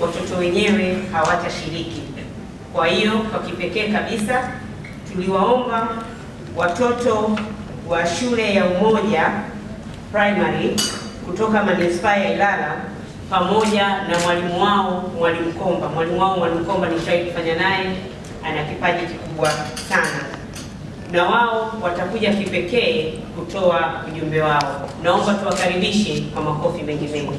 watoto wenyewe hawatashiriki. Kwa hiyo kwa kipekee kabisa tuliwaomba watoto wa shule ya Umoja Primary kutoka manispaa ya Ilala pamoja na mwalimu wao mwalimu Komba. Mwalimu wao mwalimu Komba nishawahi kufanya naye, ana kipaji kikubwa sana, na wao watakuja kipekee kutoa ujumbe wao. Naomba tuwakaribishe kwa makofi mengi mengi.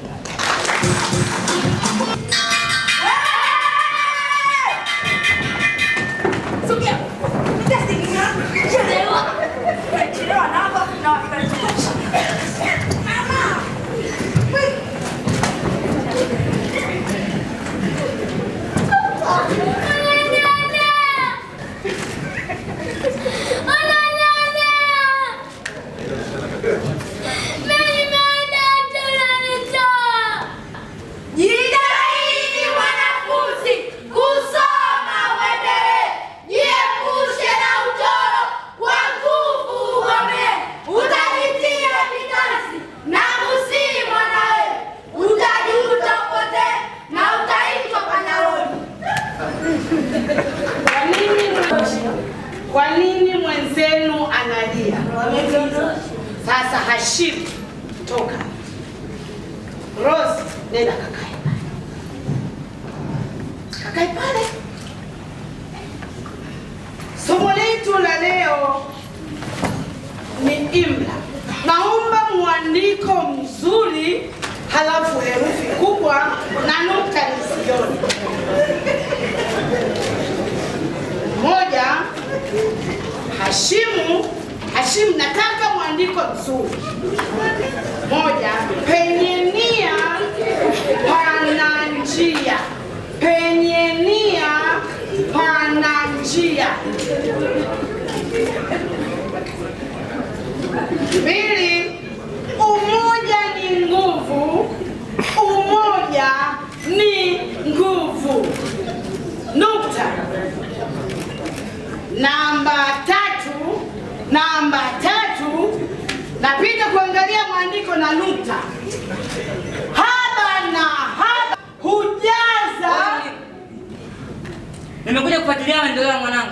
Rashid, toka. Rose, nenda kakae kakae pale. Somo letu la leo ni imla. Naomba mwandiko mzuri, halafu herufi kubwa na nukta nisioni. kuwa mzuri. Moja, penye nia pana njia, penye nia pana njia. Pili, na Luta, haba na haba hujaza. Nimekuja kufuatilia maendeleo ya mwanangu.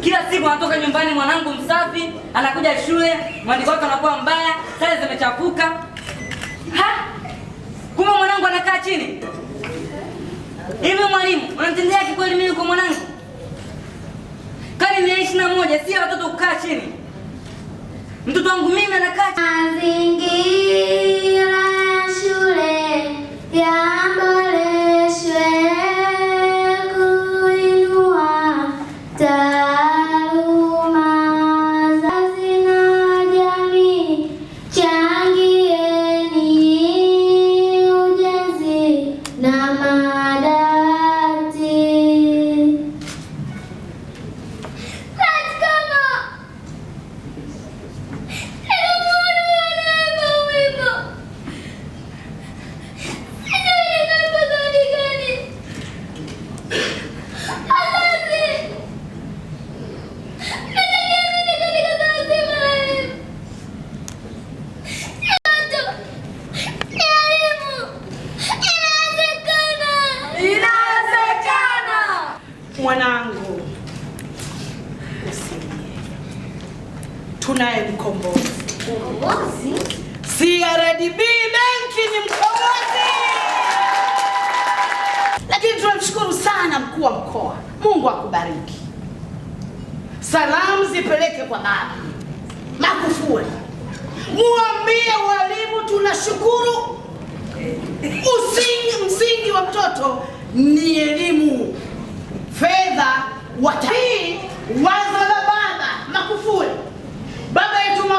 Kila siku anatoka nyumbani mwanangu msafi, anakuja shule, mwandiko wake anakuwa mbaya, sare zimechafuka. Kumbe mwanangu anakaa chini hivi. Mwalimu, unamtendea kikweli mimi kwa mwanangu? Kani ni ishirini na moja, si watoto kukaa chini mtoto wangu mimi anakaa mazingira mkombozi. CRDB benki ni mkombozi. Lakini tunamshukuru sana mkuu wa mkoa, Mungu akubariki. Salamu zipeleke kwa baba Magufuli, muambie walimu tunashukuru. Msingi msingi wa mtoto ni elimu, fedha wa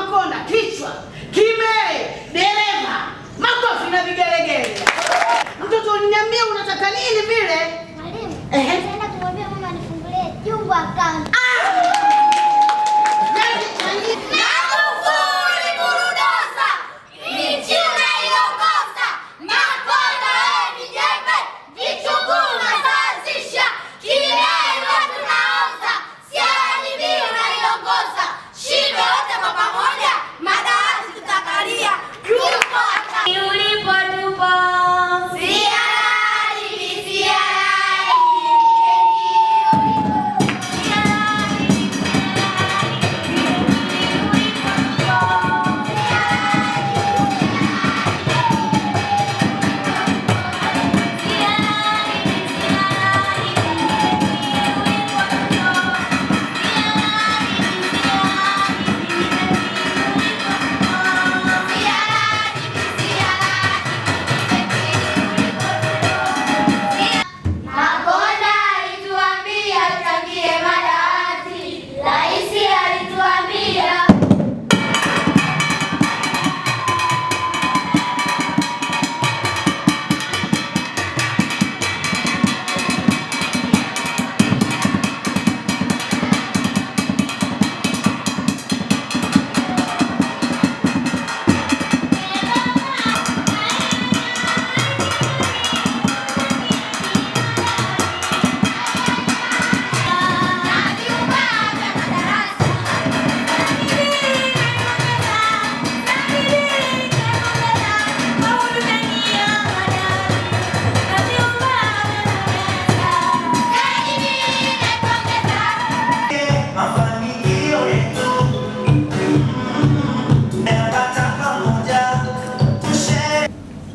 Makonda kichwa kime dereva makofi na vigelegele. Mtoto uniambia unataka nini vile? Mwalimu. Ehe. Naenda kumwambia mama anifungulie jumbo account.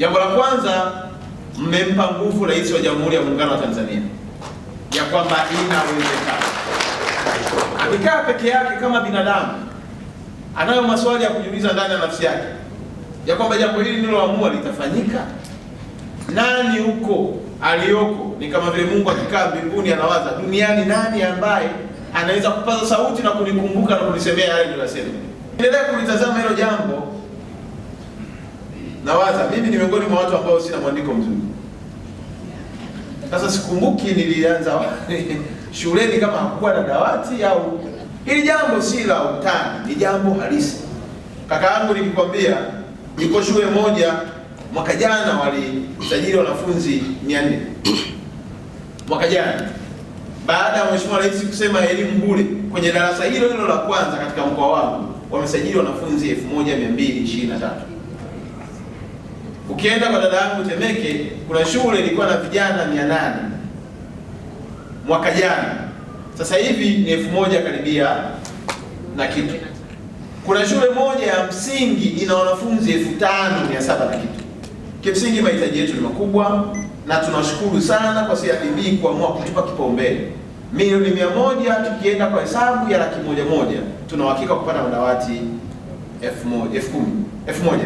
Jambo la kwanza, mmempa nguvu Rais wa Jamhuri ya Muungano wa Tanzania ya kwamba inawezekana. Akikaa peke yake kama binadamu, anayo maswali ya kujiuliza ndani ya nafsi yake ya kwamba jambo hili niloamua litafanyika. Nani huko aliyoko ni kama vile Mungu akikaa mbinguni anawaza duniani, nani ambaye anaweza kupaza sauti na kunikumbuka na kunisemea yale niliyosema. Endelea kulitazama hilo jambo nawaza mimi ni miongoni mwa watu ambao sina mwandiko mzuri. Sasa sikumbuki nilianza shuleni kama hakuwa na dawati au ili jambo si la utani, ni jambo halisi. Kaka yangu nilikwambia, niko shule moja mwaka jana walisajili wanafunzi 400. Mwaka jana baada ya Mheshimiwa Rais kusema elimu bure kwenye darasa hilo hilo la kwanza katika mkoa wangu wamesajili wanafunzi 1223. Ukienda kwa dada yangu Temeke, kuna shule ilikuwa na vijana 800 mwaka jana, sasa hivi ni elfu moja karibia na kitu. Kuna shule moja ya msingi ina wanafunzi elfu tano mia saba na kitu. Kimsingi mahitaji yetu ni makubwa, na tunashukuru sana kwa CRDB kuamua kutupa kipaumbele milioni mia moja tukienda kwa hesabu ya laki moja moja, tuna kupata madawati elfu moja elfu kumi elfu moja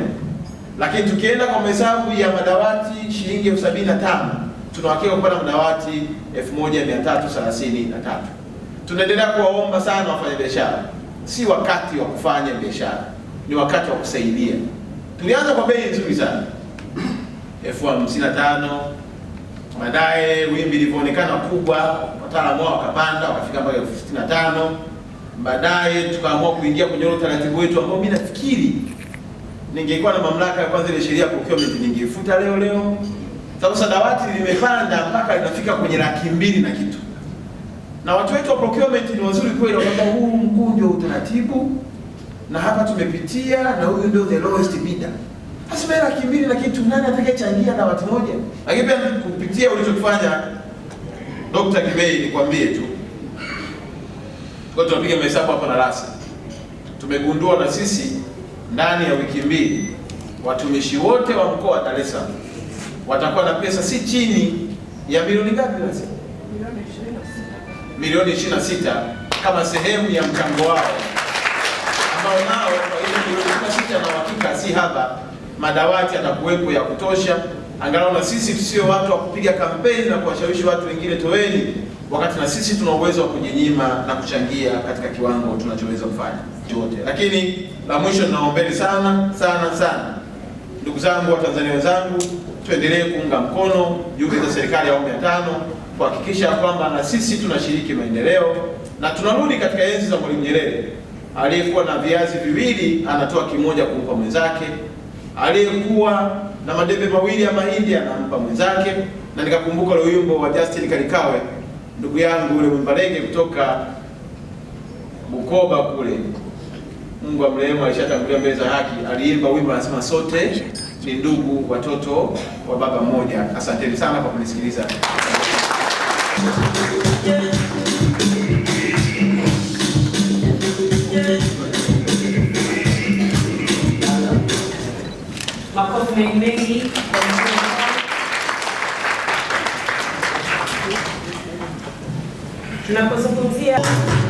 lakini tukienda kwa mahesabu ya madawati shilingi elfu sabini na tano tuna kuwa na madawati 1333. Tunaendelea kuwaomba sana biashara si wakati wa kufanya biashara, ni wakati wa kusaidia. Tulianza kwa bei nzuri sana elfu hamsini na tano baadaye wimbi lilivyoonekana kubwa, wataalamu wao wakapanda wakafika mpaka elfu sitini na tano baadaye tukaamua kuingia kwenye ule utaratibu wetu ambao mimi nafikiri ningekuwa na mamlaka ya kwanza ile sheria ya procurement ningeifuta leo leo, sasa dawati limepanda mpaka linafika kwenye laki mbili na kitu, na watu wetu wa procurement ni wazuri kweli, kwamba huu mkuu ndio utaratibu na hapa tumepitia na huyu ndio the lowest bidder. Hasa mimi laki mbili na kitu, nani atakayechangia dawati moja? Lakini pia kupitia ulichofanya Dr. Kibei, nikwambie tu kwa tunapiga mahesabu hapa na rasa tumegundua na sisi ndani ya wiki mbili watumishi wote wa mkoa wa Dar es Salaam watakuwa na pesa si chini ya milioni ngapi? Milioni 26 kama sehemu ya mchango wao ambao nao kwa hiyo milioni 26 na uhakika si haba, madawati atakuwepo ya kutosha, angalau na sisi tusio watu wa kupiga kampeni na kuwashawishi watu wengine toweni, wakati na sisi tuna uwezo wa kujinyima na kuchangia katika kiwango tunachoweza kufanya chote. Lakini la mwisho, ninaombeni sana sana sana, ndugu zangu wa Tanzania wenzangu, tuendelee kuunga mkono juhudi za serikali ya awamu ya tano kuhakikisha kwamba na sisi tunashiriki maendeleo na tunarudi katika enzi za Mwalimu Nyerere. Aliyekuwa na viazi viwili anatoa kimoja kumpa mwenzake, aliyekuwa na madebe mawili ya mahindi anampa mwenzake, na nikakumbuka ule wimbo wa Justin Kalikawe, ndugu yangu yule mwimba kutoka Bukoba kule Mungu amrehemu, alishatangulia mbele za haki, aliimba wimbo anasema, sote ni ndugu, watoto wa baba mmoja. Asanteni sana kwa kunisikiliza. Makofi mengi mengi. Tunapozungumzia